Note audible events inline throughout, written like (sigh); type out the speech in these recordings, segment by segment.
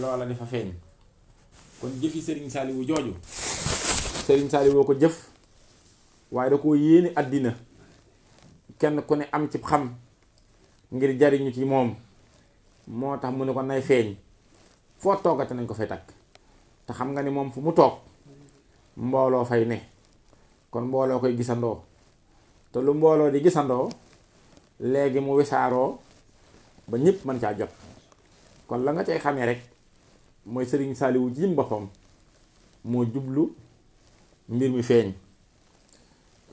loola dafa feeñ kon jëfi Serigne Saliou jooju Serigne Saliou ko jëf waaye da koo yéene àddina kenn ku ne am ci xam ngir jariñu ci moom moo tax mu ne ko nay feeñ foo toogate nañ ko fay takk te xam nga ni moom fu mu toog mbooloo fay ne kon mbooloo koy gisandoo te lu mbooloo di gisandoo léegi mu wisaaroo ba ñëpp mën caa jot kon la nga cay xamee rek mooy sëriñ saliwu ci boppam moo jublu mbir mi feeñ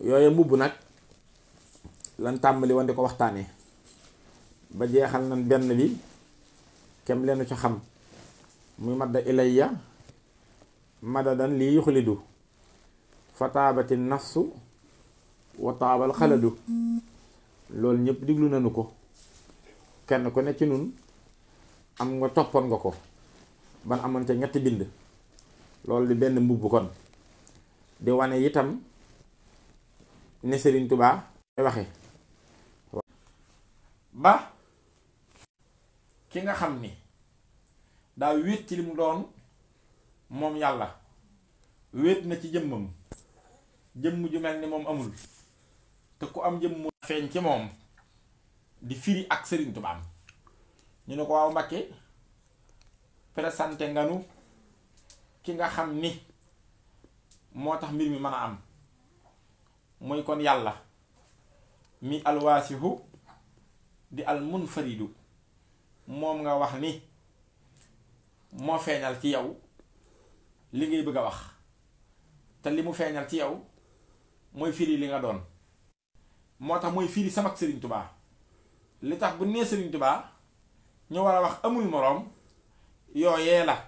yooye mbubb nag lan tàmbali woon di ko waxtaane ba jeexal nan benn bi kem leenu ci xam muy madda ilayya madadan li yuxlidu fa taabati nafsu wa taabal xaladu loolu ñëpp diglu nañu ko kenn ku ne ci nun am nga toppoon nga ko ban amoon ca ñetti bind loolu di benn mbubb kon di wane itam ne Serigne Touba waxe ba ki nga xam ni daa wéet ci li doon moom yàlla wéet na ci jëmmam jëmm ju mel ni moom amul te ku am jëmm feeñ ci moom di firi ak Serigne Touba am ñu ne ko waaw Mbàkke présenté nga nu ki nga xam ni moo tax mbir mi mën am muy kon yàlla mi alwasihu di al munfaridu moom nga wax ni moo feeñal ci yow li ngay bëgg a wax te li mu feeñal ci yow mooy firi li nga doon moo tax mooy firi sama sëriñ tubaa li tax bu nee sëriñ tubaa ñu war a wax amul moroom yooyee la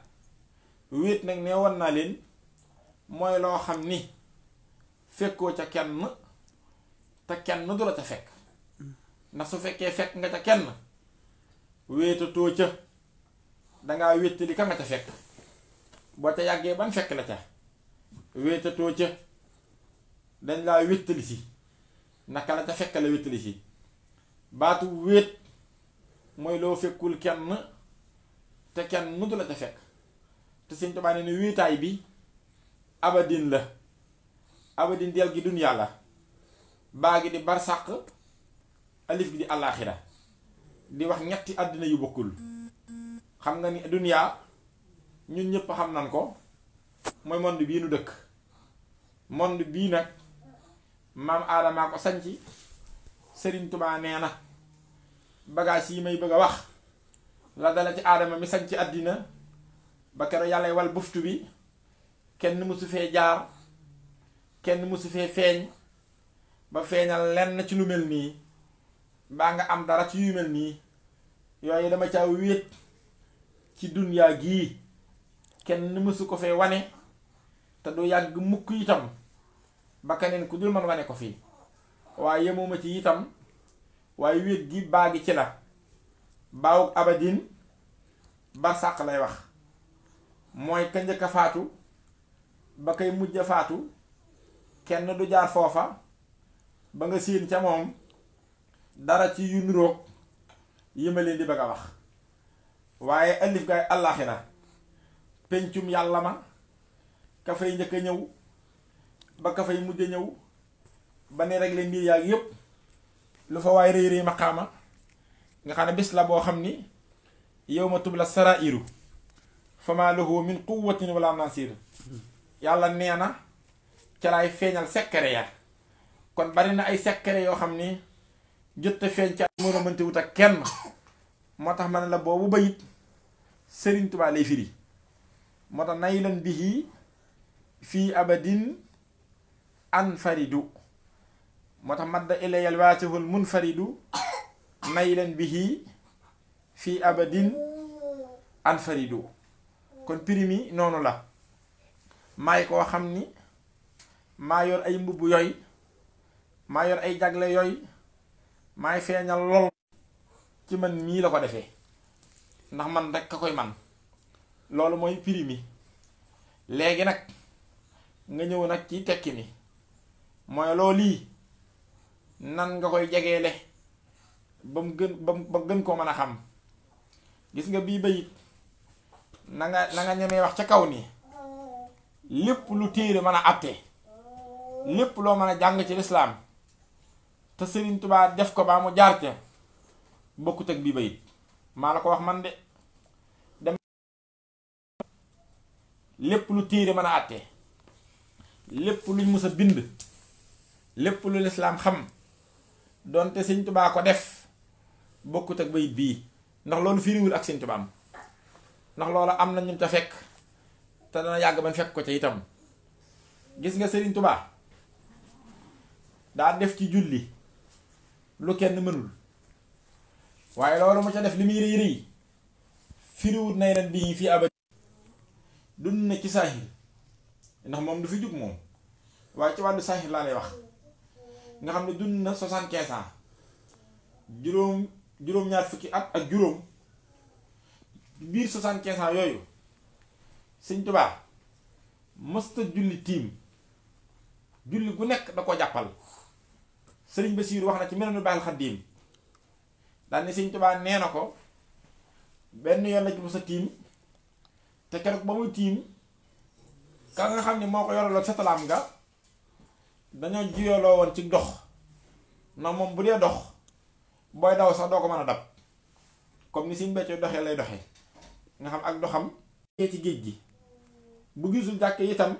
wéet nag ne woon naa leen mooy loo xam ni fekkoo ca kenn te kenn du la ca fekk ndax su fekkee fekk nga ca kenn wéetatoo ca dangaa wéttali ka nga ca fekk boo ca yàggee ban fekk la ca wéetatoo ca dañ laa wéttali si naka la ca fekk la wéttali si baatu wéet mooy loo fekkul kenn te kenn mëntu la ca fekk te Sëñ Tuubaa nee na bi abadin la abadin del gi dun yàlla baa gi di barsàq alif gi di àllaaxira di wax ñetti àddina yu bokkul xam nga ni duniyaa ñun ñëpp xam nan ko mooy monde bii nu dëkk monde bii nag maam aadamaa ko sanc Sëriñ Tuubaa nee na bagage yi may bëgg a wax la dala ci aadama mi sañ ci àddina ba keroog yàlla wal buftu bi kenn mësu fee jaar kenn mësu fee feeñ ba feeñal lenn ci lu mel nii mbaa nga am dara ci yu mel nii yooyu dama caa wéet ci dunyaa gii kenn mësu ko fee wane te du yàgg mukk itam ba keneen ku dul man wane ko fii waaye yemuma ci itam waaye wéet gi baagi ci la baawug abadin bar sàq lay wax mooy ka njëkk a faatu ba kay mujj faatu kenn du jaar foofa ba nga siin ca moom dara ci yu niroog yi ma leen di bëgg a wax waaye alif gaay àllaaxira pencum yàlla ma ka fay njëkk ñëw ba ka fay mujj ñëw ba ne rek leen mbir yaag yépp lu fa waay réy réy maqaama nga xamne bis la bo xamni yawma yow tubla sarairu fama lahu min quwwatin wala nasir yàlla neena ci lay feñal secret ya kon bari na ay secret yo xamni jott feñ ci mo romanti mën wut ak kenn motax man la bobu bayit serigne touba lay firi moo tax nay lan bihi fi abadin anfaridu motax madda ilayal waatihul munfaridu may bihi fi abadin anfaridu kon primi mi la Mayor ko xamni ma Mayor yor ay mbubb yoy ma yor ay jagle yoy may feñal lol ci man mi la ko ndax man rek ka man lolou moy primi nak nga ñew nak ci tekki ni moy loli nan nga koy ba mu gën ba ba gën koo mën a xam gis nga bii bayit na nga na ñemee wax ca kaw nii lépp lu téere mën a àtte lépp loo mën a jàng ci lislaam te Sëriñ Tubaa def ko baa mu jaar ca bokkut ak bii bayit maa la ko wax man de dem lépp lu téere mën a àtte lépp luñ mus a bind lépp lu lislaam xam doonte Sëriñ Tubaa ko def bokkut ak bayit bii ndax loolu firiwul ak Sëñ Tuubaa am ndax loola am na ñu ca fekk te dana yàgg bañ fekk ko ca itam gis nga Sëriñ Tuubaa daa def ci julli lu kenn mënul waaye loolu mu ca def li muy rëy rëy firiwut nay ren bii fii abadi dund na ci saaxir ndax moom du fi jug moom waaye ci wàllu saaxir laa lay wax nga xam ne dund na soixante-quinze ans juróom juróom-ñaar fukki at ak juróom biir soixante-quinze ans yooyu sëñ Tuubaa mësta julli tiim julli gu nekk da ko jàppal sëriñ Basiir wax na ci mel nu baaxal xaddiim daal ne sëñ Tuubaa nee na ko benn yoon la ci mës tim tiim te keroog ba muy tiim ka nga xam ne moo ko yoraloo setalaam nga dañoo jiyaloo woon ci dox na moom bu dee dox boy daw sax doo ko a dab comme ni simbe ci doxé lay doxé nga xam ak doxam ci géej gi bu gisul jakk yitam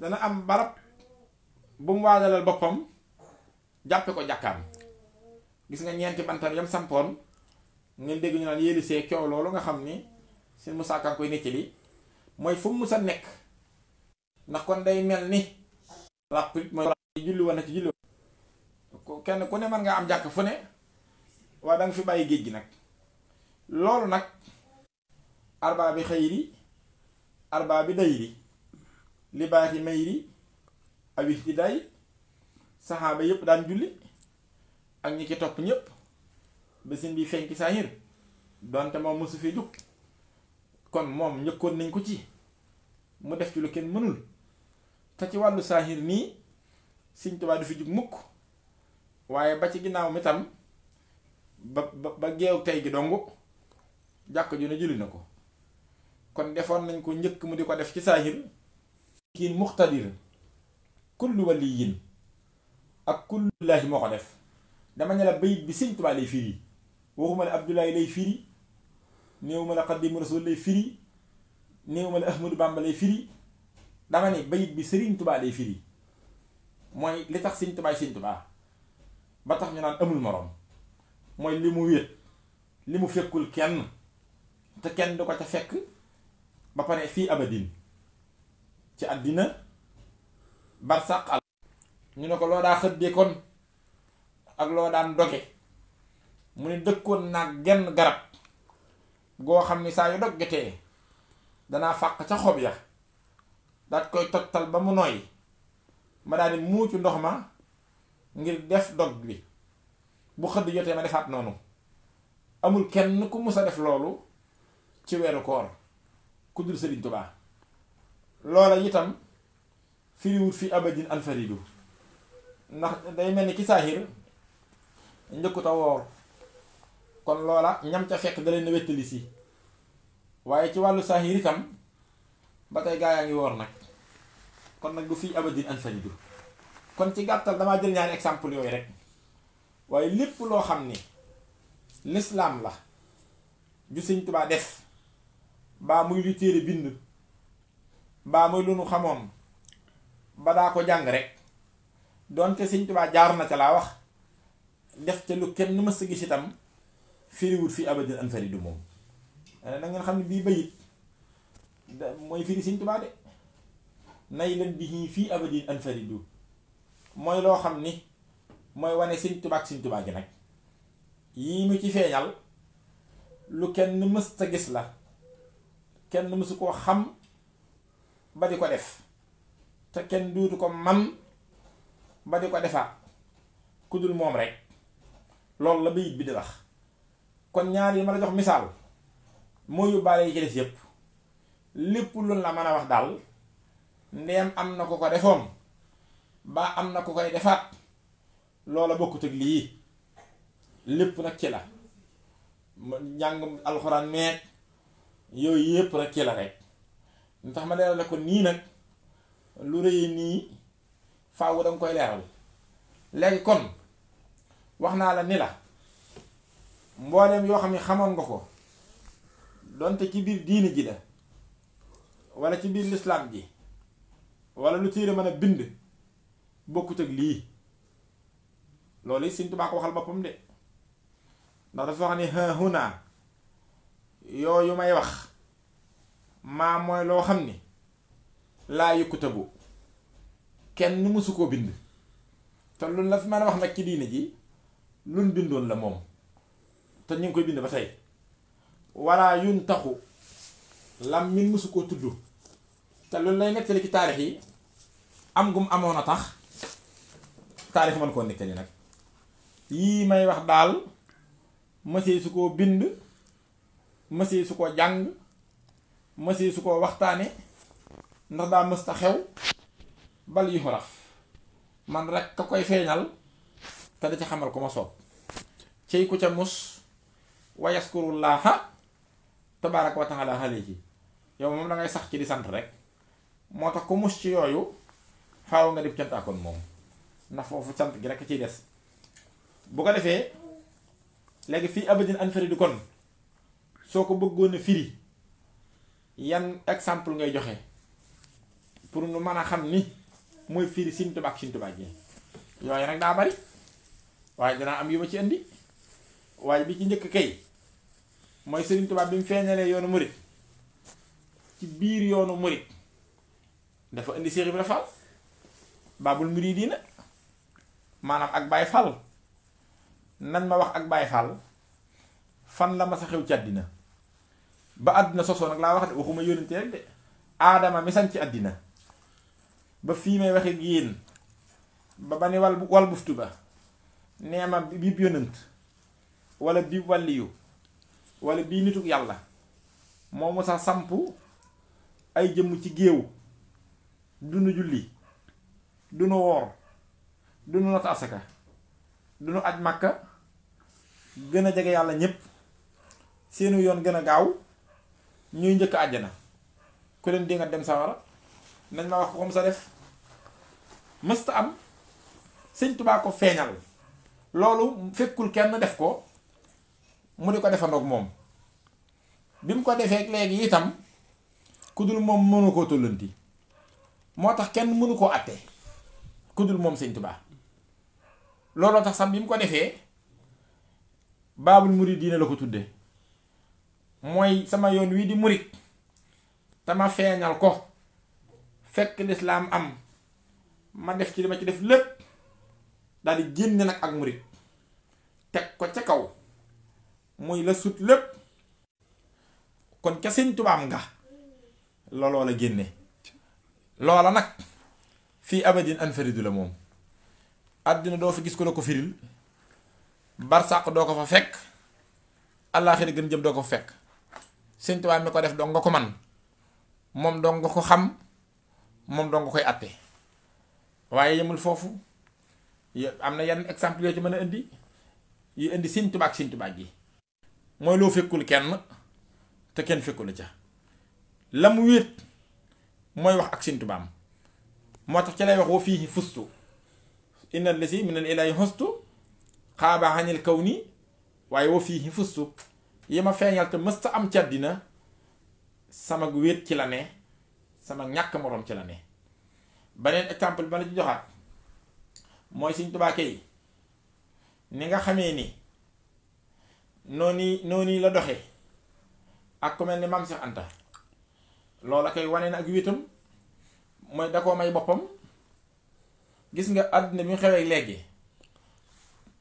dana am barab bu mu wadalal bopam jappé ko jakkam gis nga ñeenti bantam yam sampon ngeen dégg ñu naan yéeli sé coow loolu nga xam ni seen kan koy nekk li moy fu mu sa nekk ndax kon day melni la ràpp mooy julli wona ci julli kenn ku ne man ngaa am jàkk fu ne waaye danga fi bàyyi géej gi nag loolu nag arbaa bi xëyri arbaa bi dayri li baaxi mayri awis di day saxaaba yépp daan julli ak ñi ci topp ñépp bésin bi fenki saa yër donte moom mosu fi jug kon moom njëkkoon nañ ko ci mu def ci lu kenn mënul te ci wàllu saahir nii Sëñ Tuubaa du fi jug mukk waaye ba ci ginnaaw mi tam ba ba geew tey gi dong jàkk ju ne julli na ko kon defoon nañ ko njëkk mu di ko def ci saahir kiin muxtadir kullu waliyin ak kullu moo ko def dama ne la bayit bi sëñ Tuubaa lay firi waxuma la Abdoulaye lay firi néewuma la Xaadimu Rasuul lay firi néewuma la Ahmadu Bamba lay firi dama ne bayit bi sëriñ tubaa lay firi mooy li tax sëñ Tuubaa sëñ Tuubaa ba tax ñu naan amul moroom mooy li mu wéet li mu fekkul kenn te kenn du ko ca fekk ba pare fii abadin ci àddina barsàq al ñu ne ko loo daa xëddee ak loo daan doge mu ne dëkkoon naag genn garab goo xam ni saa yu doggetee danaa fàq ca xob ya daat koy tottal ba mu noyyi ma daal di muucu ndox ma ngir def dog bi bu xëdd jotee ma defaat noonu amul kenn ku mus a def loolu ci weeru koor ku dul Sëriñ Tubaa loola itam firiwut fi abadin anfaridu ndax day mel ni ki saaxir njëkkut a woor kon loola ñam ca fekk da leen wettali si waaye ci wàllu saaxir itam ba tey gaa yaa ngi woor nag kon nag du fii abadin anfaridu kon ci gàttal dama jël ñaari exemple yooyu rek waaye lépp loo xam ni la ju sëñ tubaa def baa muy lu téere bind baa muy lu nu xamoon ba daa ko jàng rek doonte sëñ tubaa jaar na ca laa wax def ca lu kenn mës a gis itam firiwut fi abadil anfaridu moom na ngeen xam ne bii bayit firi sëñ tubaa de nay lan bi fii abadan anfaridu mooy loo xam ni mooy wane Sëñ Tuubaa ak Sëñ Tuubaa nag yii mu ci feeñal lu kenn mës mësta gis la kenn mësu koo xam ba di ko def te kenn duutu ko man ba di ko defaat ku dul moom rek loolu la bayit bi di wax kon ñaar yi ma la jox misaal mooy yóbbaale yi ci def yépp lépp lu la mën a wax daal ndeem am na ko ko defoon mbaa am na ku koy defaat loola bokkut ak lii lépp nag ci la njàngum alxuraan meek yooyu yépp rek ci la rek ndax ma leeral ko nii nag lu rëy nii faaw danga koy leeral léegi kon wax naa la ni la mbooleem yoo xam ne xamoon nga ko donte ci biir diini ji la wala ci biir lislaam ji wala lu téere mën a bind bokkut ak lii loolu yi Sëñ Tuubaa ko waxal boppam de ndax dafa wax ni hahuna yooyu may wax maa mooy loo xam ni laa yukkutabu kenn mësu koo bind te lu la fi mën a wax nag ci diine ji luñ bindoon la moom te ñu ngi koy bind ba tey walla yun taxu lam min mësu koo tudd te lu lay nettali ci taarix yi am gum amoon a tax taarix man ko nettali nak yi may wax daal mësee su ko bind mësee su ko jàng mësee su ko waxtane ndax daa mësta xew bal yi xoraf man rek ka koy feñal ta da ci xamal kuma cey ku ca mus wa yaskurullaaha tabaaraka wa taala halihi yow mom da ngay sax ci di sante rek motax ku mus ci yoyu faaw nga dib takon mom ndax foofu cant gi rek ciy des bu ko defee léegi fii abadin du kon soo ko bëggoon a firi yan exemple ngay joxe pour nu mën a xam ni mooy firi Sëriñ Tuubaa ak Sëriñ Tuubaa ji yooyu rek daa bari waaye danaa am yu ma ci indi waaye bi ci njëkk kay mooy Sëriñ Tuubaa bi mu feeñalee yoonu murit ci biir yoonu murit dafa indi Seex Ibra Faal baabul manam ak bay fal nan ma wax ak bay fal fan la ma sa xew ci adina ba adina soso nak la wax de waxuma yónnente rek de adama mi san ci adina ba fi may waxe yéen ba ba wal wal buftuba, ba nee bi biib yónnent wala bi waliyu wala bi nituk yalla momu sa sampu ay jëm ci geew dunu julli dunu wor dunu not asaka dunu nu aj màkka gën a jege yàlla seenu yoon gëna gaaw ñuy ñëk aljana ku leen di nga dem sawara nañ ma wax ko comme sa def musta am seigne touba ko feñal loolu fekkul kenn def ko mu di ko defandoog mom mom mu ko defee léegi itam kudul mom moom mënu koo tollanti kenn mënu looloo tax sam bi mu ko defee baabul muridiina la ko tudde mooy sama yoon wii di murit dama feeñal ko fekk lislaam am ma def ci li ma ci def lépp daal di génne nag ak murit teg ko ca kaw muy la sut lépp kon ca sëñ tubaam nga looloo la génne loola nag fii abadin anfaridu la moom àddina doo fi gis ko la ko firil barsàq doo ko fa fekk àllaaxira gën jëm doo ko fa fekk Sëñ Tuubaa mi ko def dong nga ko man moom dong nga ko xam moom dong nga koy àtte waaye yemul foofu am na yenn exemple yoo ci mën a indi yu indi Sëñ Tuubaa ak Sëñ Tuubaa gi mooy loo fekkul kenn te kenn fekkul ca la mu wéet mooy wax ak Sëñ Tuubaa am moo tax ci lay wax wa fii fustu inna lesi min na ilahi hustu xaaba xañil kaw ni waaye wa fii fustu yi ma feeñal te mës am ci dina sama wéet ci la ne sama ñàkk moroom ci la ne beneen exemple ba la ci joxaat mooy Sëñ Tuubaa kay ni nga xamee ni noonu noonu la doxe ak ku mel ni Maam Seex Anta loola koy wane na ak wéetam mooy da koo may boppam gis nga àddina bi nga xewee léegi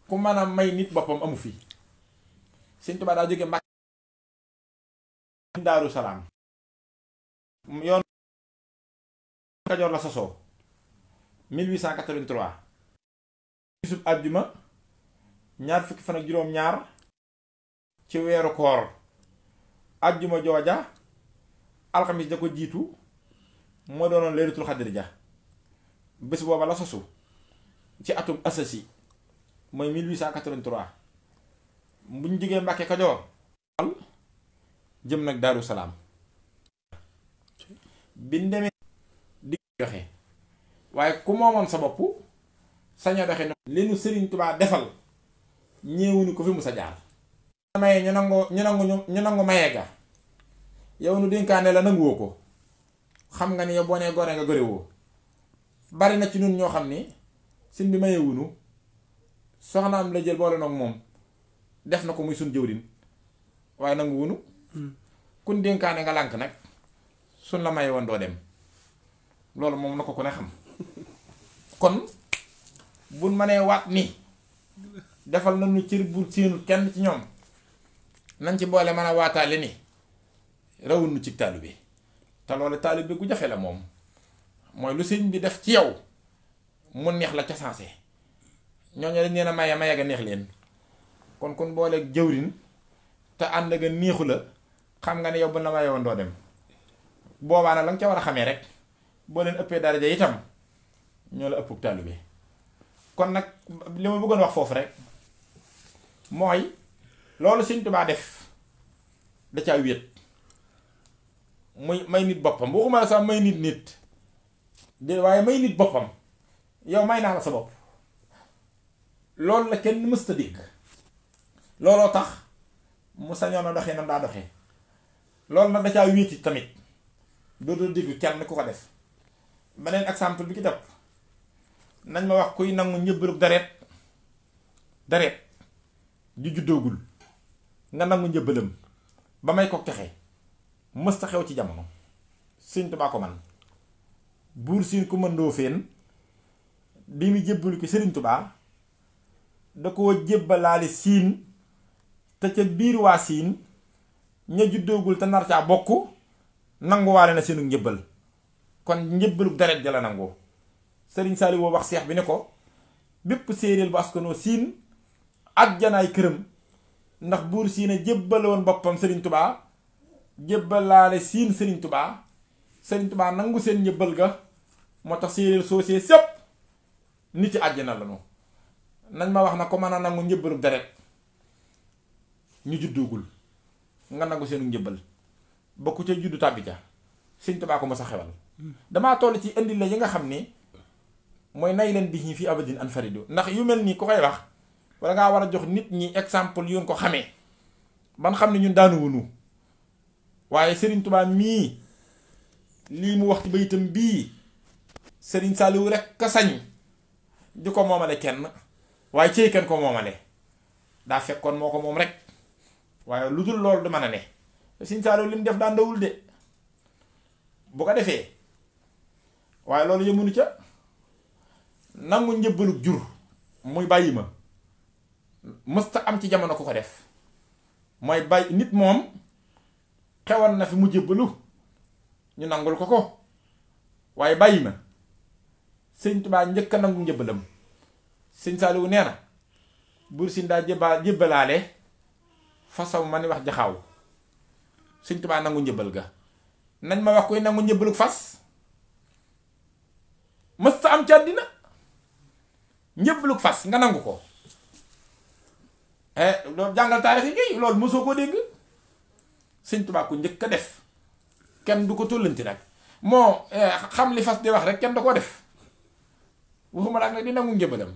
ku mën a may nit boppam amu fi sëñ Tuubaa daa jóge Màkka Daaru Salaam yoon Kajoor la sosoo 1883 bisub àjjuma ñaar fukki fan ak juróom-ñaar ci weeru koor àjjuma jooja alxamis da ko jiitu moo doonoon leeratul xadri ja bés booba la sosu ci atum asasi mooy 1883 bu ñu jógee Mbàkke Kajoor jëm nag Daaru Salaam biñ di joxe waaye ku moomoon sa bopp sañoo doxe no li nu Sëriñ Tubaa defal ñeewuñu ko fi mu sa jaar maye ñu nangu ñu nangu ñu nangu mayee ga yow nu dénkaane la nanguwoo ko xam nga ni yow boo nee gore nga gorewoo bari na ci ñun ñoo xam ni sin bi soxna am la jël boole noog moom def na ko muy sun jëwrin waaye nangu wunu hmm. kun dénkaane nga lànk nag sun la maye woon doo dem loolu moom na ko ku ne xam (laughs) kon buñ mënee waat ni defal nañu cër bu ken kenn ci ñoom nañ ci boole mën a waataale ni rawul nu ci taalu te loolu gu jafe la moom mooy lu sëñ bi def ci yow mu neex la ca saase ñooñu dañ leen a maye maye ga neex leen kon kun booleeg jëwrin te ànd ga neexu la xam nga ne yow bu la maye woon doo dem boobaa nag la nga ca war a xamee rek boo leen ëppee daraja itam ñoo la ëpp taalibe kon nag li ma bëggoon wax foofu rek mooy loolu sëñ Tuubaa def da caa wéet may may nit boppam waxuma la sax may nit nit دي واي ماي نيت بوبام يو ماي نحلا سبب لول لا كين مستديك لولو تاخ مو سانيو نو دخي نام دا دخي لول نا دا تا ويتي تاميت دودو ديغ كين كوكو ديف منين اكزامبل بي كي داب نان ما واخ كوي نانغ نيبلوك دريت دريت دي جودوغول نا نانغ نيبلم بامي كو تخي مستخيو تي جامونو سينتو باكو مان buur siin ku mëndoo feen bi mu jébbalu ko sëriñ tubaa da koo jébbalaale siin te ca biir waa siin ña juddoogul te nar caa bokk nanguwaale na seenu njëbbal kon njëbbalu deret ja la nangoo sëriñ saali woo wax seex bi ne ko bépp séeréer bu askanoo siin ak janaay këram ndax buur siin a jébbaloon boppam sëriñ tubaa jébbalaale siin sëriñ tubaa sëriñ tubaa nangu seen njëbbal ga motax tax séeréer soosee sépp nit ci aljana la ñu nañ ma wax na ko mana a nangu njëbbalu deret ñu juddugul nga nangu seen ñeubal ba ku juddu tabbi ja seen Tuubaa ko ma sa xewal hmm. dama toll ci andi la yi nga xamni moy nay leen bi fi abadin an faridu ndax yu melni ku koy wax wala nga wara jox nit ñi exemple yoon ko xamee ban xamni ñun daanu wunu waye serigne touba mi li mu wax ci beytam bi serigne Saliou rek ka sañ ju ko moomale kenn waaye cey kenn ko momale daa fekkoon moo ko moom rek waaye lu dul loolu du mën a ne sëriñ def daan dawul de bu ko defee waaye loolu yëmunu ca nangu njëbbalug jur muy bàyyi ma Musta am ci jamono ku ko def mooy bay nit moom xewon na fi mu jëbbalu ñu nangul ko ko waaye bàyyi ma sëñ tubaa njëkk nangu njëbbalam sëñ saaliwu nee na buur siin daa jëbaa Fasa fasaw ma ni wax jaxaaw sëñ tubaa nangu ga nañ ma wax koy nangu fas musta sa am ci àddina fas nga nangu ko eh lo jàngal taarix yi ngay loolu mosoo koo dégg sëñ ko njëkk def kenn du ko tóllanti nag moo eh, xam li fas di wax rek kenn da ko def waxuma nag ne di nangu njëbalam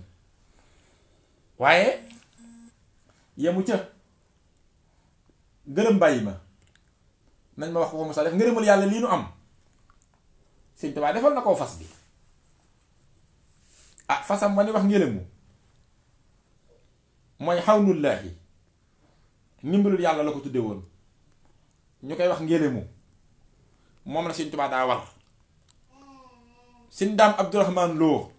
waye yamu ca geureum bayima nañ ma wax ko ma sa def ngeureumul yalla li nu am seigne Tuubaa defal nako fas bi ah fasam ma ni wax ngeelemu moy xawnullaahi nimbulul yalla lako tudde won ñu koy wax ngeelemu mom la seigne da war seigne abdourahman Lo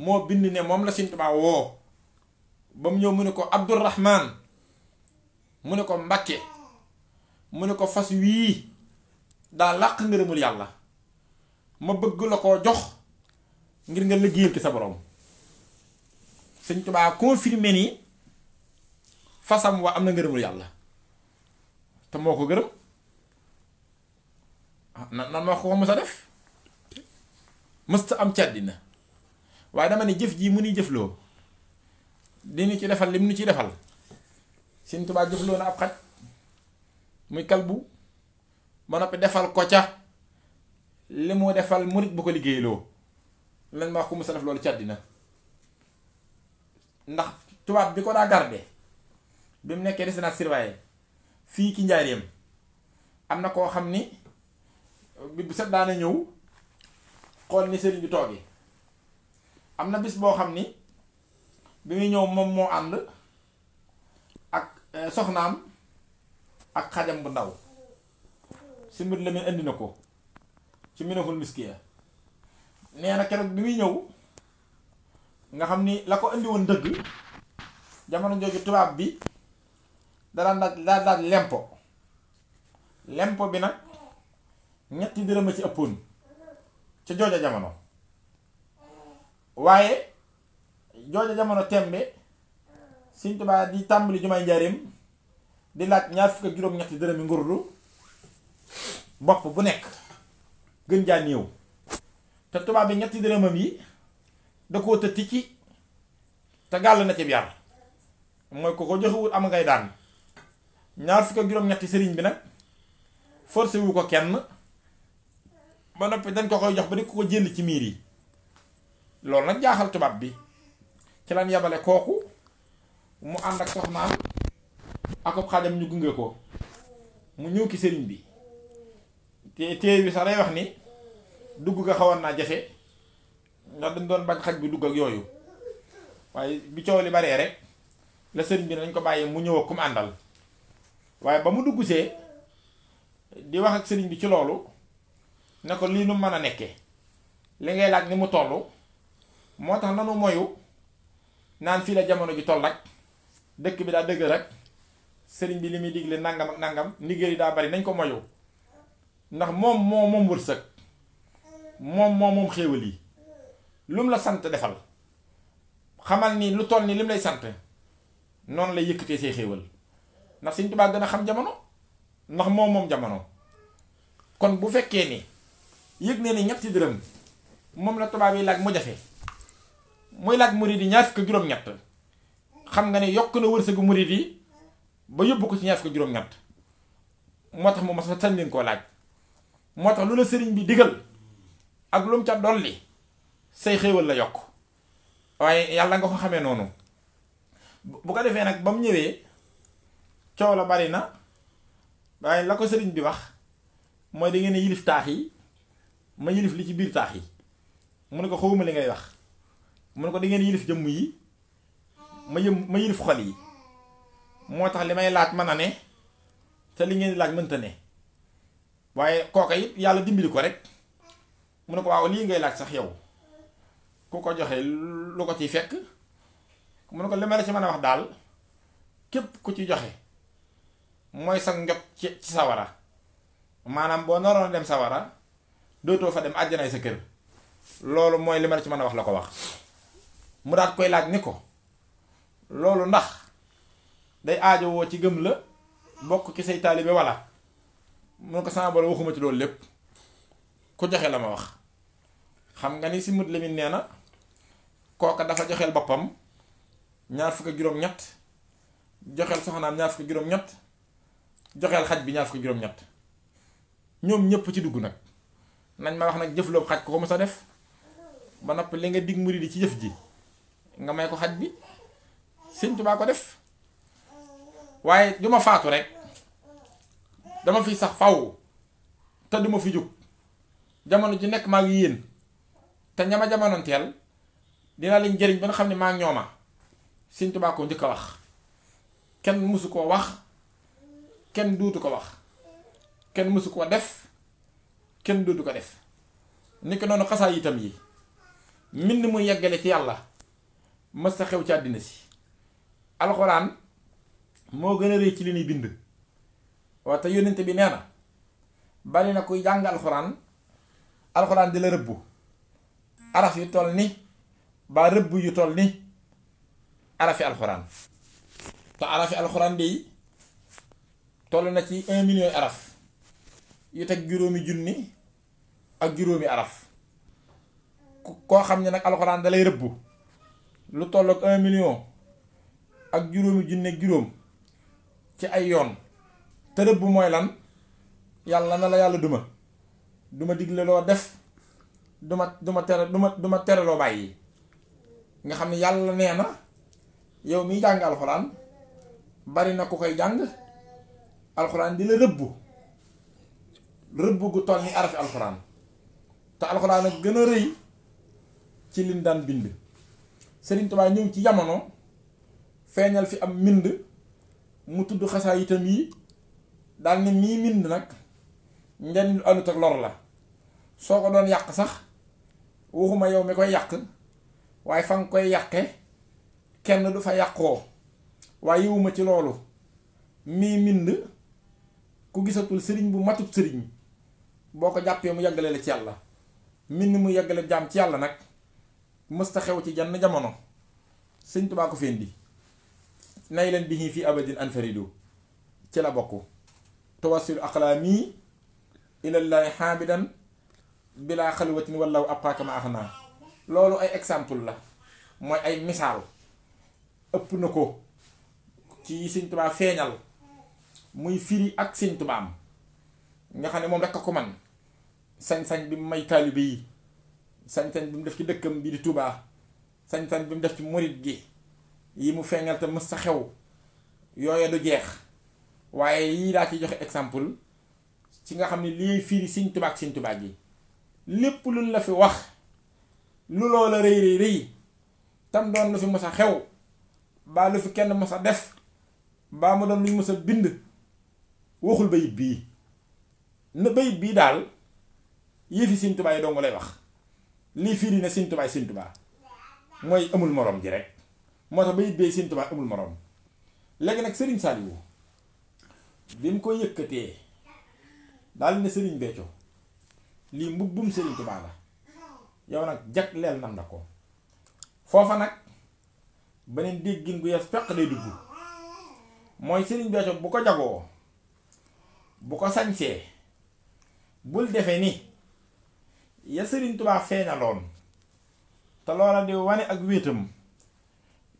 moo bind ne moom la Sëriñ Tuubaa woo ba mu ñëw mu ne ko Abdourahman mu ne ko Mbàkke mu ne ko fas wii daa làq ngërëmul yàlla ma bëgg la koo jox ngir nga liggéeyal ci sa borom Sëriñ Tuubaa confirmé ni fasam wa am na ngërëmul yàlla te moo ko gërëm ah, nan nan moo ko mës a def mësta am ci waaye dama ne jëf jii mu nuy jëfloo li ñu ci defal lim nu ci defal Sëñ Tuubaa jëfloo na ab xaj muy kalbu ba noppi defal ko ca li mu defal murit bu ko liggéeyloo lan ma wax ko musa def loolu ci àddina ndax tubaab bi ko daa garde bi mu nekkee résidence surveillée fii ci njaareem am na koo xam ni bi bu set daana ñëw xool ni sëriñ bi toogi am na bis bo xamni ni bi muy ñew mom mo and ak eh, soxnam ak xadam bu ndaw ci mbir la mi andi nako ko ci minahul miskiya neena na bi muy ñew nga xamni ni la ko andi won deug jamono joju tubab bi da la la la lempo lempo bi nak ñetti dërëm ci ëppoon ci jooja jamono waaye jojo jamono tembe seigne touba di tambali jumaay ndarim di laaj ñaar fukk ak juróom-ñetti dërëmi ngurdu bop bu nek gën ja néew te touba bi ñetti dërëmam yi da ko tëtti ci te gal na ci biar mooy ko ko joxewul am ngay daan ñaar fukk ak ñetti sëriñ bi nak forcé wu ko kenn ba nopi dañ ko koy jox ba di ko ci miri loolu jahal jaaxal tubab bi ci lan yabale kooku mu ànd ak soxnaam ak ab xaajam ñu gunge ko mu ñëw ki sëriñ bi te téere bi sax lay wax ni dugg ga xawoon naa jafe nga dañ doon bañ xaj bi dugg ak yooyu waaye bi coow li rek la sëriñ bi nañ ko bàyyi mu ñëw kum àndal waaye ba mu dugg see di wax ak sëriñ bi ci loolu ne ko lii nu mën a ngay laaj ni mu tollu moo tax nanu moyu naan fii la jamono ji toll ak dëkk bi daa dëgg rek sëriñ bi li muy digle nangam ak nangam liggéey yi daa bari nañ ko moyu ndax moom moo moom wërsëg moom moom xéewal yi lu mu la sant defal xamal ni lu toll ni lim lay sant noonu lay yëkkatee say xéewal ndax Sëriñ Tuubaa gën a xam jamono ndax moom moom jamono kon bu fekkee ni yëg ne ni ñetti dërëm moom la tubaab yi laaj mu jafe mooy laaj murid yi ñaar fukk juróom-ñett xam nga ne yokk na wërsëgu murid yi ba yóbbu ko ci ñaar fukk juróom-ñett moo tax mu mas a sañ leen koo laaj moo tax lu la sëriñ bi digal ak lu mu ca dolli say xéewal la yokk waaye yàlla nga ko xamee noonu bu ko defee nag ba mu ñëwee coow la bari na waaye la ko sëriñ bi wax mooy da ngeen yilif taax yi ma yilif li ci biir taax yi mu ne ko xawuma li ngay wax mu ko di ngeen yilif jëm yi ma yëm ma yilif xol yi moo tax li may laaj mën a ne te li ngeen laaj mënta ne waaye kooka it yàlla dimbali ko rek mu ne ko waaw lii ngay laaj sax yow ku ko joxe lu ko ci fekk mu ko li ma la ci mën a wax daal képp ku ci joxe mooy sax njot ci ci sawara maanaam boo naroon dem sawara dootoo fa dem àjjanaay sa kër loolu mooy li ma la ci mën wax la wax mu daat koy laaj ni ko loolu ndax day aajowoo ci gëm la bokk ki say taalibe wala mu ko sama borom waxuma ci loolu lépp ku joxe la ma wax xam nga ni si mud lamin nee na kooka dafa joxeel boppam ñaar fukk juróom-ñett joxeel soxnaam ñaar fukk juróom-ñett joxeel xaj bi ñaar fukk juróom-ñett ñoom ñëpp ci dugg nag nañ ma wax nag jëfloo xaj ko ko mos def ba noppi li nga dig muri di ci jëf ji nga may ko xaj bi seigne touba ko def waye duma ma faatu rek dama fi sax faw te duma fi juk jamono ci nek ma ngi yeen te ñama tel dina liñ jeriñ ba nga xam ne maa ñooma sëñ ko ndika wax ken mësu wax ken duutu ko wax ken mësu def ken duutu ko def ni nonu noonu xasaa itam yi min mu yeggale ci mës xew ci àddina si alxuraan moo gën ci li ñuy bind waaye te yónnent bi nee na bari na kuy jàng alxuraan alxuraan di la rëbbu araf yu toll ni ba rëbb yu toll ni arafi alxuraan te arafi alxuraan bi toll na ci un million araf yu teg juróomi junni ak juróomi araf koo xam ne nag alxuraan dalay rëbbu lu toll ak un million ak juróomi junne juróom ci ay yoon te bu mooy lan yàlla na la yàlla duma duma digle loo def duma duma tere duma duma tere loo bàyyi nga xam ne yàlla nee na yow mi jàng alxuraan bari na ku koy jàng alxuraan di la rëbb rëbb gu toll ni arafi alxuraan te alxuraan ak gën a ci liñ daan bind Sëriñ Tuubaa ñëw ci jamono feeñal fi am mbind mu tudd xasaa itam yi daal ne mii mbind nag njariñ lu alut lor la soo ko doon yàq sax waxuma yow mi koy yàq waaye fa koy yàqe kenn du fa yàqoo waaye yëwuma ci loolu mii mbind ku gisatul sëriñ bu matub sëriñ boo ko jàppee mu yàggale la ci yàlla mbind mu yàggale jaam ci yàlla nag مستخو تي جان جامونو سيغ توبا كو فين دي نايلن به في ابد انفردو تي لا بوكو توصل اقلامي الى الله حامدا بلا خلوه ولا ابقى كما احنا لولو اي اكزامبل لا موي اي مثال اوب نكو تي سيغ توبا فينال موي فيري اك سيغ توبام nga xamne mom rek ko man sañ sañ bi may talibi yi sañ-sañ bi mu def ci dëkkam bi di tubaa sañ-sañ bi mu def ci morit gi yi mu feeñal te mës sa xew yooya du jeex waaye yii daa ci joxe exemple ci nga xam ne lii fiiri Sëñ Tuubaa ak Sëñ Tuubaa gi lépp luñ la fi wax lu loola rëy rëy rëy doon lu fi mës a xew baa fi kenn mës a def baa mu mës a bind waxul bayit bii na bii daal yëfi Sëñ Tuubaa yi dong lay wax lii firi ne sëñ tubaay mooy amul moroom ji rek moo tax ba yit bee amul moroom léegi nag sëriñ Saliou bi mu ko yëkkatee dal ne sëriñ Béthio lii mbubbum sëriñ tubaa la yow nag jagleel nam la ko foofa nag beneen déggin gu yees peq day dugg mooy sëriñ Béthio bu ko jagoo bu ko sañsee bul defe ni ya sëriñ tubaa feeñaloon te loola di wane ak wéetam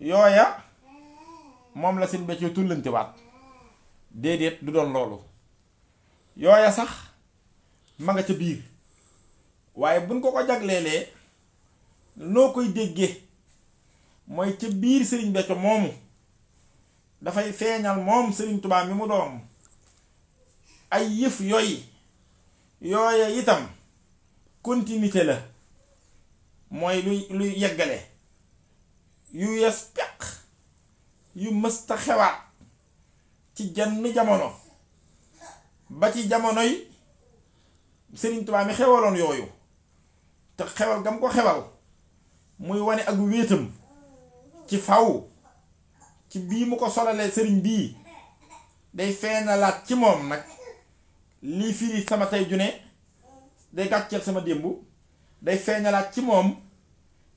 yooya moom la sëñ Béthio tullantiwaat déedéet du doon loolu yooya sax ma nga ca biir waaye buñ ko ko jagleelee noo koy déggee mooy ca biir sëriñ Béthio moomu dafay feeñal moom sëriñ tubaa mi mu doom ay yëf yooyu yooya itam continuité la mooy luy luy yeggale yu yees peq yu mësta xewaat ci jenn jamono ba ci jamono yi Sëriñ Tuubaa mi xewaloon yooyu te xewal gam ko xewal muy wane ak wéetam ci faw ci bii mu ko solalee sëriñ bii day feeñalaat ci moom nag lii firi sama tey june day gàcceel sama démb day feeñalaat ci moom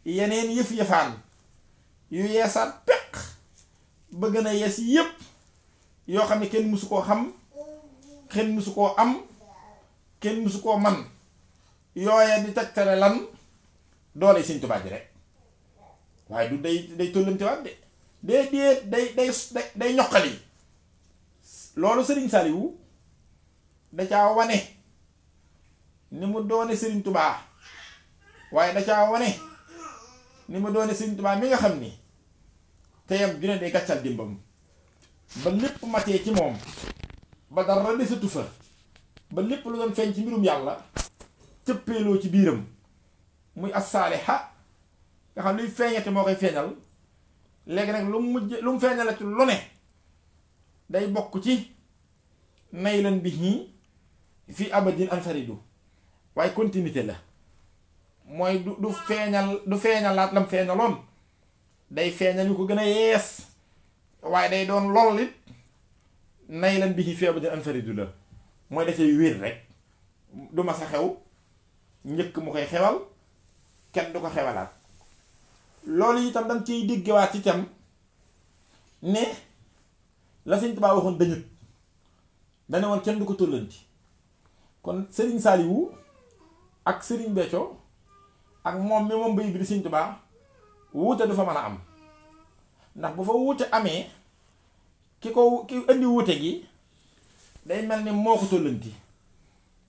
yeneen yëf yëfaan yu yeesaat peq bëgg na a yees yëpp yoo xam ne kenn mësu koo xam kenn mësu koo am kenn mësu koo man yooya di tegtale lan doole Sëñ Tuubaa ji rek waaye du day day tóllantiwaat de dee dee day day day ñoqali loolu Sëriñ Saliou da caa wane ni mu doone sëriñ tubaa waaye da caa wane ni mu doone sëriñ tubaa mi nga xam ni te ju ne day gàccal dimbam ba lépp matee ci moom ba dara desatu fa ba lépp lu doon feeñ ci mbirum yàlla cëppeeloo ci biiram muy assaaliha nga xam luy feeñate moo koy feeñal léegi nag lu mu mujj lu mu feeñale lu ne day bokk ci nay lan bi ñii fii abadin anfaridu waaye continuité la mooy du du feeñal du feeñalaat lam feeñaloon day feeñal yu ko gën a yees waaye day doon lool it nay lan bi ci feebu di anfaridu la mooy da cay wér rek du sa xew njëkk mu koy xewal kenn du ko xewalaat loolu itam danga ciy déggewaat ci itam ne la Sëñ Tuubaa waxoon dañut dane kenn du ko tóllanti kon Sëriñ Saaliwu ak Serigne Béthio ak moom mi moom bay bi di Serigne Touba wuute du fa mën a am ndax bu fa wuute amee ki ko ki indi wuute gi day mel ni moo ko tollanti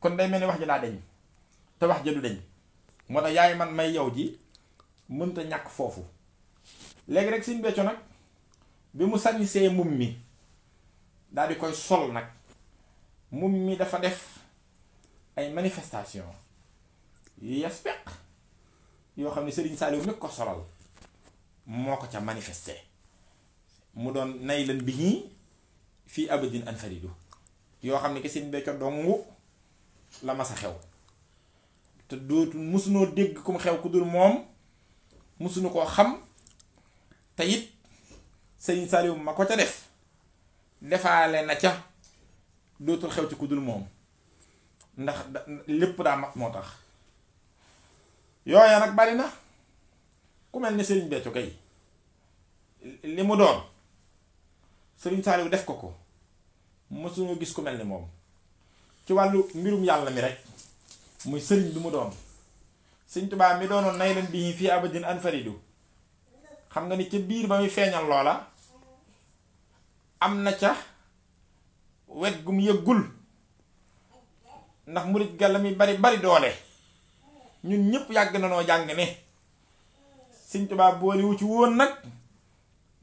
kon day mel ni wax ji laa deñ te wax ji du deñ moo tax yaay man may yow ji mënta ñàkk foofu léegi rek Serigne Béthio nag bi mu sànni see mum mi daal di koy sol nag mum mi dafa def ay manifestation yu yas peq yoo xam ne sëriñ Saliou mi ko solal moo ko ca manifesté mu doon nay lan bi ñii fii abadin anfaridu yoo xam ne ke seen becco dongu la mas a xew te dootu mosunoo dégg kum xew ku dul moom mosunu koo xam te it Serigne Saliou ma ko ca def defaale na ca dootul xew ci ku dul moom ndax lépp daa mag moo tax yooya nag bari na ku mel ni sëriñ Béthio kay li mu doon sëriñ Saliou def ko ko mësuñu gis ku mel ni moom ci wàllu mbirum yàlla mi rek muy sëriñ bi mu doon sëriñ Tuubaa mi doonoon nay leen bi fii abadin anfaridu xam nga ni ca biir ba muy feeñal loola am na ca wet yëggul ndax murit ga la muy bari bari doole ñun ñëpp yàgg na noo jàng ne sëñ tubaab boolewu ci woon nag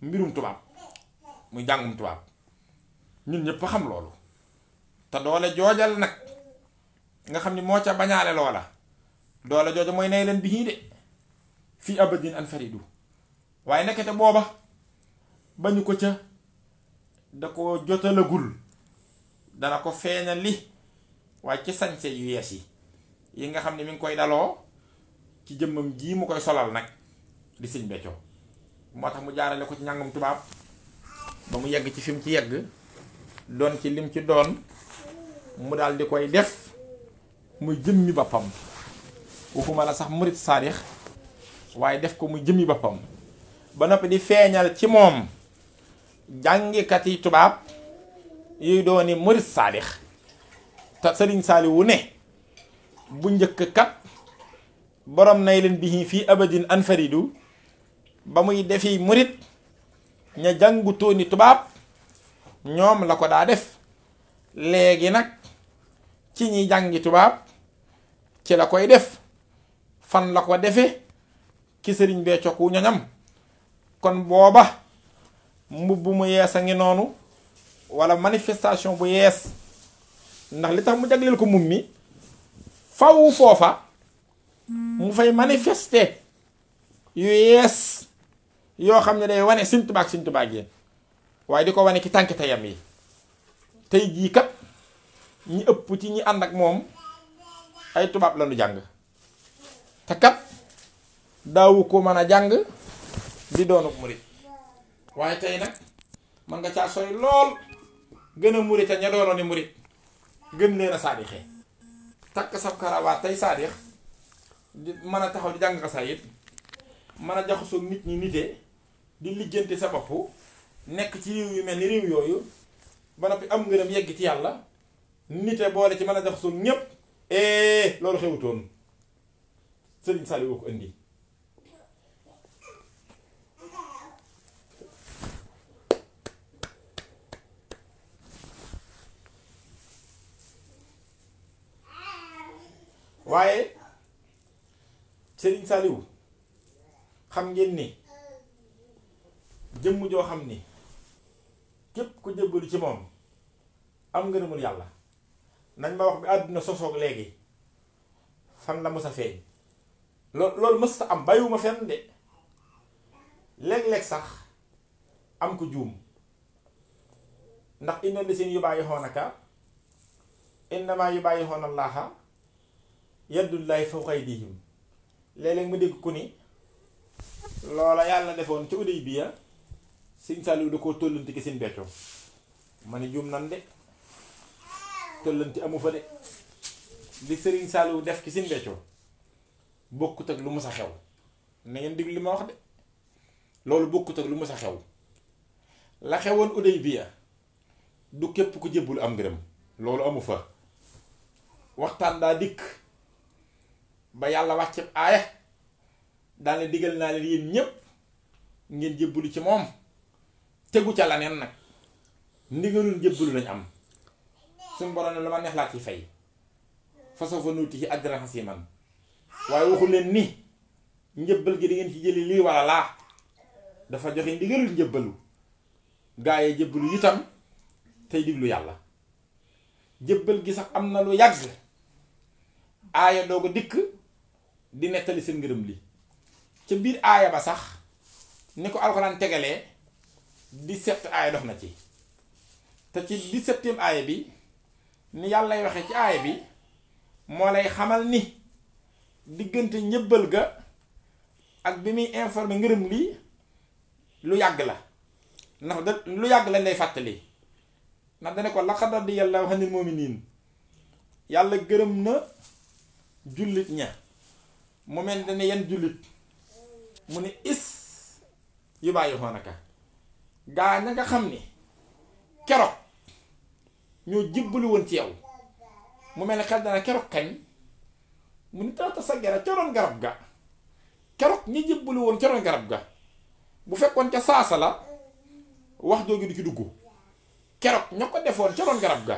mbirum tubaab muy jàngum tubaab ñun ñëpp xam loolu te doole joojal nag nga xam ni moo ca bañaale loola doole jooja mooy nay leen bi ñii de fii abadin an faridu waaye nekkete booba bañu ko ca da ko jotalagul dana ko feeñal li waaye ci sañse yu yees yi yi nga xam ne mu ngi koy daloo ci jëmmam jii mu koy solal nag di sëñ Béthio moo tax mu jaarale ko ci njàngum tubaab ba mu yegg ci fi ci yegg doon ci lim ci doon mu daal di koy def mu jëmmi boppam waxuma la sax murit saarix waaye def ko mu jëmmi boppam ba noppi di feeñal ci moom jàngikat yi tubaab yuy dooni murit saadix te sëriñ saali wu ne bu njëkk kat boroom nay leen bihi fii abadin anfaridu ba muy defi murit ña jàngu tóoni tubaab ñoom la ko daa def léegi nag ci ñi jàngi tubaab ci la koy def fan la ko defe ki sëriñ bee cokku ñoñam kon booba mbubb mu yees a ngi noonu wala manifestation bu yees ndax li tax mu jagleel ko mum mi fawu Fofa mu fay manifester yu yo yo xam day wane sintu bak sintu Sëñ Tuubaa way diko ko wane ki tanki tayam yi tay jii kat ñi ëpp ci ñi and ak mom ay tubaab lañu jang ta kat daawu ko jang di doonuk murid, waaye tay nak man nga ca soy lol gën murid, murit a ni murit gën leen a takk sab karawaat tey saadix di mën a taxaw di jàng yit mën a jaxasoo nit ñi nitee di lijjante sa bopp nekk ci réew yu mel ni réew yooyu ba noppi am ngërëm yegg ci yàlla nite boole ci mën a jaxasoo ñépp eh loolu xewutoon Sëriñ Saliou woo ko indi waaye Serigne Saliou xam ngeen ni jëmm joo xam ni képp ku jëbbalu ci moom am ngërëmul yàlla nañ ma wax bi àdduna sosoog léegi fan la mës a feeñ loo loolu mës ta am bàyyiwuma fenn de léeg-léeg sax am ko juum ndax inna li seen yu bàyyi xoon aka innamaa yu bàyyi xoon allaaha yaddullahi fawqa aydihim léeg-léeg ma dégg ko ni loola yàlla defoon ci uday bi ya sëñ Saliou da koo tollanti ki seen beccoo ma ne jum nan de tollanti amu fa de li sëriñ Saliou def ki seen beccoo bokkut ak lu mu sa xew na ngeen déglu li ma wax de loolu bokkut ak lu mu sa xew la xewoon uday bi ya du képp ku jébbul am ngërëm loolu amu fa waxtaan daa dikk ba yàlla wàcc aaya daan la digal naa leen yéen ñépp ngeen jébbalu ci moom tegu ca la neen nag ndigalul jébbalu lañ am suñu borom ne lu ma neex laa ci fay façon fa nuuti ci àddina xas man waaye waxu leen ni njëbbal gi di ngeen ci jëli lii wala laa dafa joxe ndigalul njëbbalu itam tey diglu yàlla jëbbal gi sax am lu yàgg aaya doo ko di nettali seen ngërëm li ca biir aaya ba sax ni ko alxuraan tegalee dix-sept aaya dox na ci te ci dix-septième aaya bi ni yàllay waxee ci aaya bi moo lay xamal ni diggante ñëbbal ga ak bi muy informé ngërëm lii lu yàgg la ndax da lu yàgg lañ lay fàttali ndax dane ko laqad radiyallahu anil niin yàlla gërëm na jullit ña mu mel ne yenn jullit mu ne is yu bàyyi xoonaka gaa ña nga xam ni keroog ñoo jébbalu woon ci yow mu mel ne xel dana keroog kañ mu ni taata sa gera ca garab ga keroog ñi jébbalu woon ca roon garab ga bu fekkoon ca saasa la wax jooju du ci dugg keroog ña ko defoon ca roon garab ga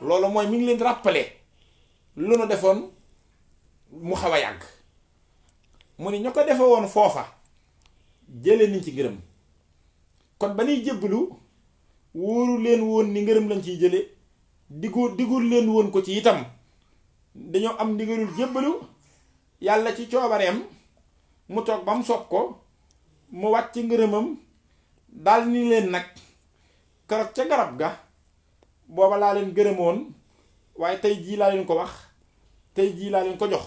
loolu mooy mi ngi leen rappelé lu nu defoon mu xaw a yàgg mu ne ñu ko defe woon foofa jëlee niñ ci ngërëm kon ba nuy jébbalu wóoru leen woon ni ngërëm lañ ciy jële diggu diggul leen woon ko ci itam dañoo am ndigalul jébbalu yàlla ci coobareem mu toog ba mu soog ko mu wàcc ngërëmam dal ni leen nag keroog ca garab ga booba laa leen gërëmoon waaye tey jii laa leen ko wax tey jii laa leen ko jox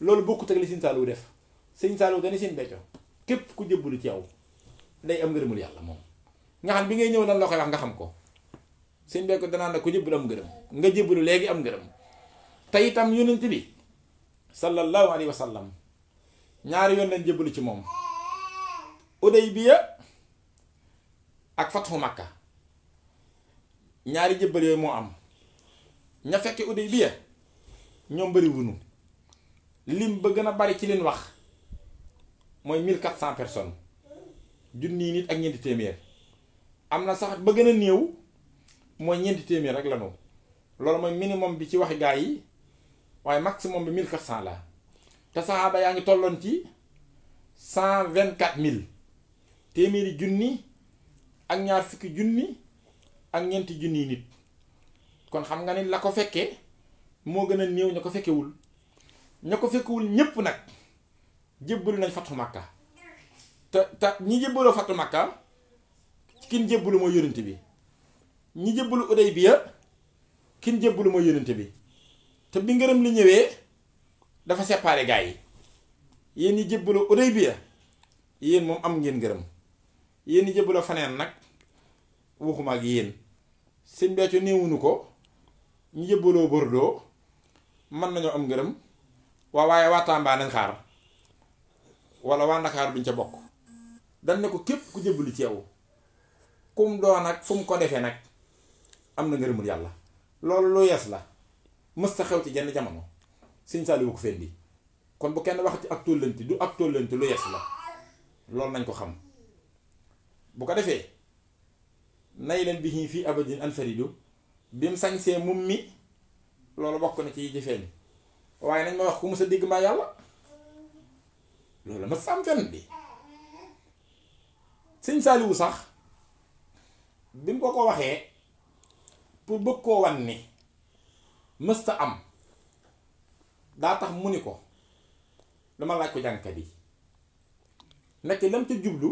loolu bokkut ak li Sëñ Sallou def Sëñ Sallou dañu seen becco képp ku jëbbulu ci yow day am ngërëmul yàlla moom nga xam bi ngay ñëw nan la koy wax nga xam ko seen becco dana na ku jëbbul am ngërëm nga léegi am ngërëm te itam yonent bi sallallahu alayhi wa sallam ñaari yoon lañ jëbbulu ci moom Udaybiya ak Fathu Makka ñaari jëbbal yooyu moo am ña fekke Udaybiya ñoom bëri wunu lim ba gën a bari ci leen wax mooy mille quat cent personnes junni nit ak ñeenti téeméer am na sax ba gën a néew mooy ñeenti téeméer rek la ñu loolu mooy minimum bi ci waxi gaa yi waaye maximum bi mille quatre cent la te aba yaa ngi tolloon ci cent vingt quatre mille téeméeri junni ak ñaar fukki junni ak ñeenti junni nit kon xam nga ni la ko fekkee moo gën a néew ña ko fekkewul ñako fekkul ñepp nak nag nañ fatu makka ta ta ñi jébbaloo fatu makka kin jébbalu mo yonent bi ñi bi ya kin jébbalu mo yonent bi ta bi ngërëm li ñëwé dafa séparé gaay yi yeen ñi bi ya yeen mom am ngeen ngërëm yeen ñi jébbaloo fanen nak waxuma ak yeen seen bëccu neewunu ko ñi jébbaloo bordo man nañu am ngërëm wa waye wa Tamba nañ xaar wala waa Ndakaar duñ ca bok dan ne ko kep ku jëbbalu ci yow kum do nak fum ko defé nak amna ngeerumul yalla loolu lu yees la musta ta xew ci jenn jamono Sëñ Saaliw ko fendi kon bu kenn ci ak tolenti du ak tolenti lu yes la loolu nañ ko xam bu ko defé nay len bi fi abadin anfaridu bi mu sañsee mum mi loolu bokk na ci yi waaye nañ ma wax ku mës a dégg mbaa yàlla loolu ma sam fenn bi sëñ Saaliwu sax bi mu ko ko waxee pour bëgg koo wan ni mësta am daa tax mu ni ko dama laaj ko jànkat yi nekk lam ca jublu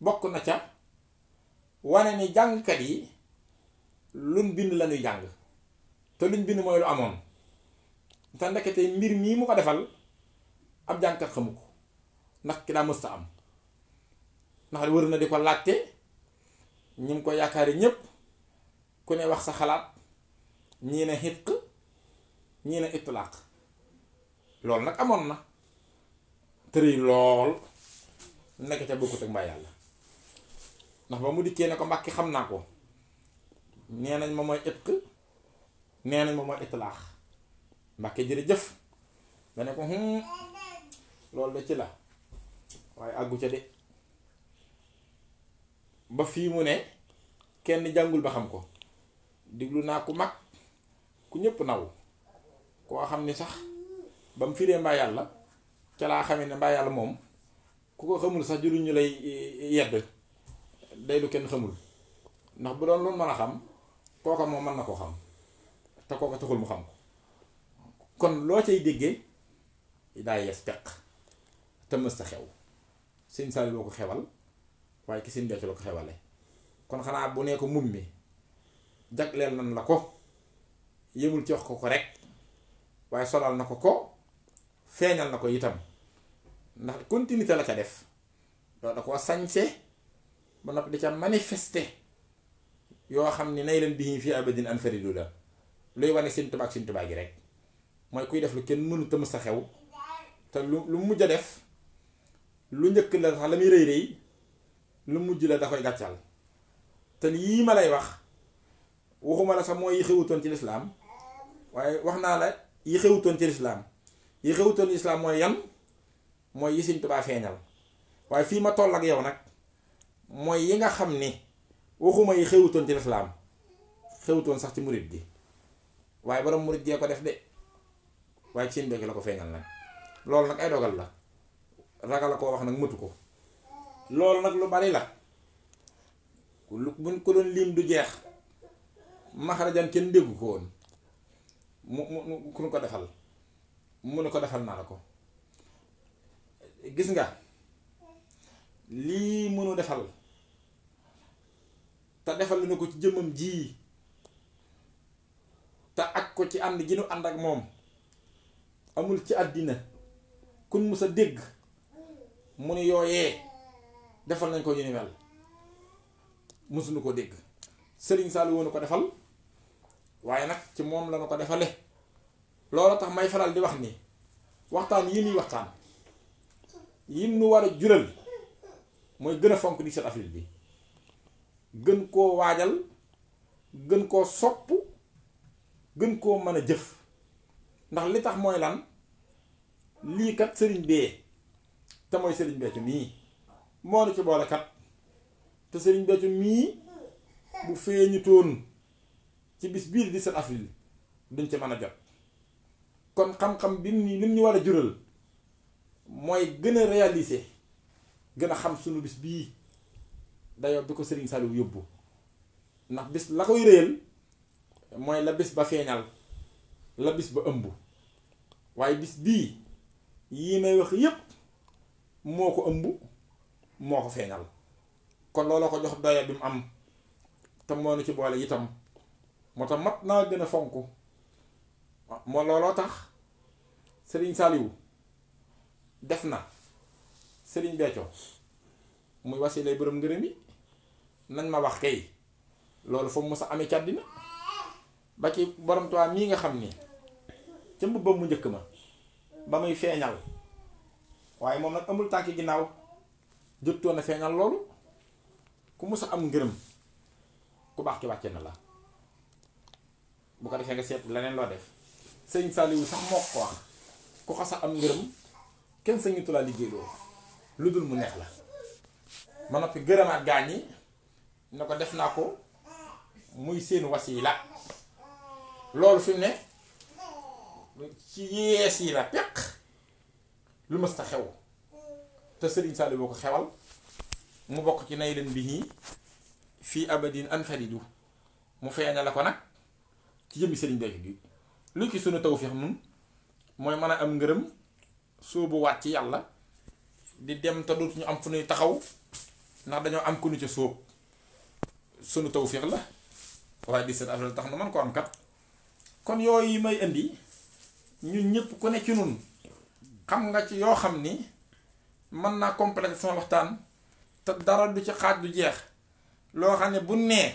bokk na ca wane ni jàngkat yi luñ bind lañuy jàng te luñ bind mooy lu amoon te ndekete mbir mii mu ko defal ab jànkat xamu ko ndax ki daa sa am ndax wër na di ko laajte ñu ngi ko yaakaari ñépp ku ne wax sa xalaat ñii ne xitq ñii ne itlaaq loolu nag amoon na tëri lool ndekete bokkut ak mbaa yàlla ndax ba mu dikkee ne ko mbàkki xam naa ko nee nañ ma mooy xitq nee nañ ma mooy itlaax mbàkke jërëjëf nga ne ko hum loolu de ci la waaye àggu ca de ba fii mu ne kenn jàngul ba xam ko diglu naa ku mag ku ñëpp naw koo xam ni sax bam fii firee mbaa yàlla ca laa xamee ne mbaa yàlla moom ku ko xamul sax juru lay eh, eh, yedd day lu kenn xamul ndax bu doon lu mën a xam kooka moom mën na ko xam te kooka taxul mu xam ko kon loo cay déggee daa yees peq te mës ta xew sëñ Saliou boo ko xewal waaye ki sëñ Béthio la ko xewale kon xanaa bu nee ko mum mi jagleel nan la ko yëmul ci wax ko ko rek waaye solal na ko ko feeñal na ko itam ndax continuité la ca def loolu da koo sañse ba noppi di ca manifester yoo xam ni nay leen bi fii abadin anfaridu la luy wane sëñ Tuubaa ak sëñ Tuubaa gi rek moy kuy def lu kenn mënu te mës xew te lu lu mujj def lu ñëk la sax lamuy reey reey lu mujj la da koy gàccal te lii ma lay wax waxuma la sax mooy yi xewutoon ci lislaam waaye wax naa la yi xewutoon ci lislaam yi xewutoon ci lislaam mooy yan mooy yi Sëñ Tuubaa feeñal waaye fii ma toll ak yow nag mooy yi nga xam ni waxuma yi xewutoon ci lislaam xewutoon sax ci murit gi waaye borom murit gee ko def de waaye seen bëgg la ko feeñal nag loolu nag ay dogal la ragal ko wax nag mëtu ko loolu nag lu bari la lu buñ ko doon lim du jeex maxarajan kenn déggu ko woon mu mu ku ko defal mu ne ko defal naa la ko gis nga lii mënu defal te defal na ko ci jëmmam ji te ak ko ci ànd gi nu ànd ak moom amul ci àddina kun mu sa dégg mu ni yooyee defal nañ ko ñu ni mel mësuñu ko dégg sëriñ Saliou woonu ko defal waaye nag ci moom la nu ko defale loolu tax may faral di wax ni waxtaan yi muy waxtaan yim nu war a jural mooy gën a fonk di set avril bi gën koo waajal gën koo sopp gën koo mën a jëf ndax li tax mooy lan lii kat sëriñ bee te mooy sëriñ beccu mii moo nu ci boole kat te sëriñ beccu mii bu feeñu toon ci bis bii di dix-sept avril mën a jot kon xam bi mu lim war a jural mooy gën a réaliser gën a xam sunu bis bii dayoo bi ko sëriñ Saliou yóbbu ndax bis la koy réyal mooy la bis ba feeñal la bis ba ëmb waaye bis bii yi may wax yépp moo ko ëmb moo ko feeñal kon loolu ko jox daya bi mu am te moo ci boole itam moo tax mat naa gën a fonk moo looloo tax sëriñ saliw def na sëriñ Béthio muy wasilay borom ngërëm yi nañ ma wax kay loolu fa mu sa amee ci àddina ba ci borom tuwa mi nga xam ni ca mbubbam mu njëkk ma ba muy feeñal waaye moom nag amul tànki ginnaaw jottoon na feeñal loolu ku mus a am ngërëm ku baax ci wàcce na la bu ko defee nga seet leneen loo def sëñ Saliou sax moo ko wax ku ko a am ngërëm kenn sañu tulaa liggéey loolu lu dul mu neex la ma noppi gërëmaat gaañ yi def naa ko muy seen wasiila loolu fi mu ne ci yees yi la peq lu mës ta xew te Serigne Saliou boo ko xewal mu bokk ci nay leen bi nii fii abadin anfaridu mu feeña la ko nag ci jëmmi Serigne Béthio bi lu ci sunu tawfiix nun mooy mën a am ngërëm soobu waat ci yàlla di dem te dootu ñu am fu nuy taxaw ndax dañoo am ku nu ca sóob sunu tawfiix la waaye di seen affaire tax na man ko am kat kon yooyu yi may indi ñun ñëpp ku ne ci nun xam nga ci yoo xam ni mën naa compléter sama waxtaan te dara du ci xaaj du jeex loo xam ne bu nee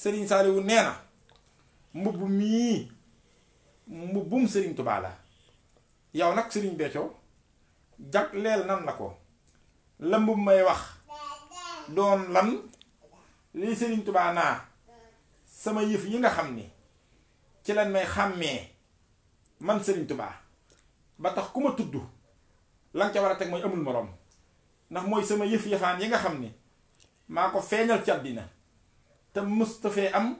sëriñ Saliou nee na mbubb mii mbubbum Serigne Touba la yow nag Serigne Béthio jagleel nan la ko la mbubb may wax doon lan lii Serigne Touba naa sama yëf yi nga xam ni ci lan may xamé man Serigne Touba ba tax kuma tuddu lan la nga ca war a teg amul morom ndax moy sama yef yefan yi nga xamné mako feñal ci adina te mustafa am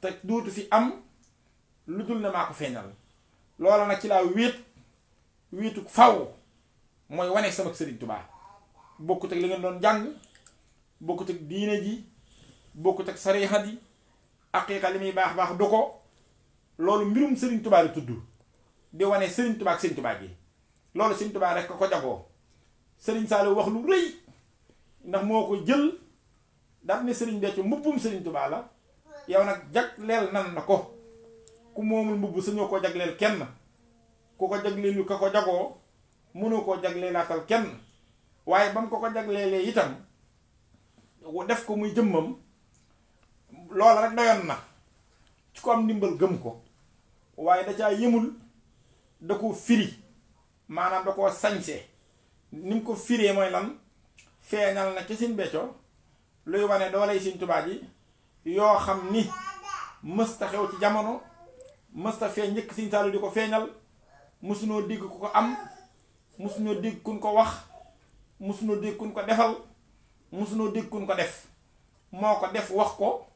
te dootu fi am lu na mako feñal ko nak ci la wit witu faw moy wané sama Serigne Touba bokku tek li nga don jang bokku tek diine ji bokku tek bax loolu mbirum Serigne Touba la tudd di wane Serigne Touba ak Serigne Touba gi loolu Serigne Touba rek ko jagoo sëriñ Saliou wax lu rëy ndax moo ko jël daf ne Serigne Béthio mbubbum Serigne Touba la yow nag jagleel nan na ko ku moomul mbubb sañoo koo jagleel kenn ko ko jagleelu ka ko jagoo mënoo koo jagleelaatal kenn waaye ba mu ko ko jagleelee itam def ko muy jëmmam loola rek doyoon na ci ko am ndimbal gëm ko waaye da caa yëmul da ko firi maanaam da koo sañse ni mu ko firee mooy lan feeñal na ca Sëñ Béthio luy wane dooley Sëñ Tuubaa ji yoo xam ni mësta xew ci jamono mësta feeñ njëkk Sëñ Saalu di ko feeñal mësunoo dégg ku ko am mësunoo dégg kuñ ko wax mësunoo dégg kuñ ko defal mësunoo dégg kuñ ko def moo ko def wax ko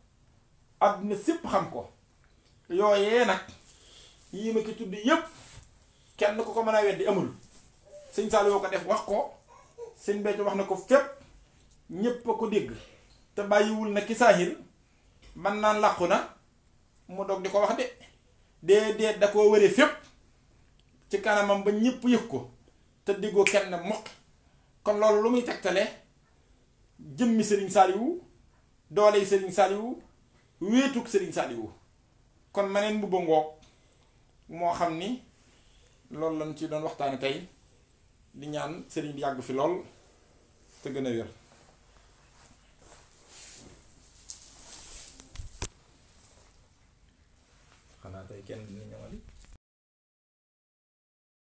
àdduna sépp xam ko yooyee nag yii ma ci tudd yëpp kenn ku ko mën a weddi amul sëñ Saliou ko def wax ko sëñ Béthio wax na ko fépp ñépp a ko dégg te bàyyiwul nag ki saahir man làqu na mu dog di ko wax de déedéet da koo wëree fépp ci kanamam ba ñëpp yëg ko te déggoo kenn mokk kon loolu lu muy tegtale jëmmi Serigne Saliou doole yi Serigne Saliou wéetug Serigne Saliou kon ma neen mbubba ngoog mo xamni ni lañ ci doon waxtaane tay di ñaan serigne bi yag fi lool te gëna wër xana tay kenn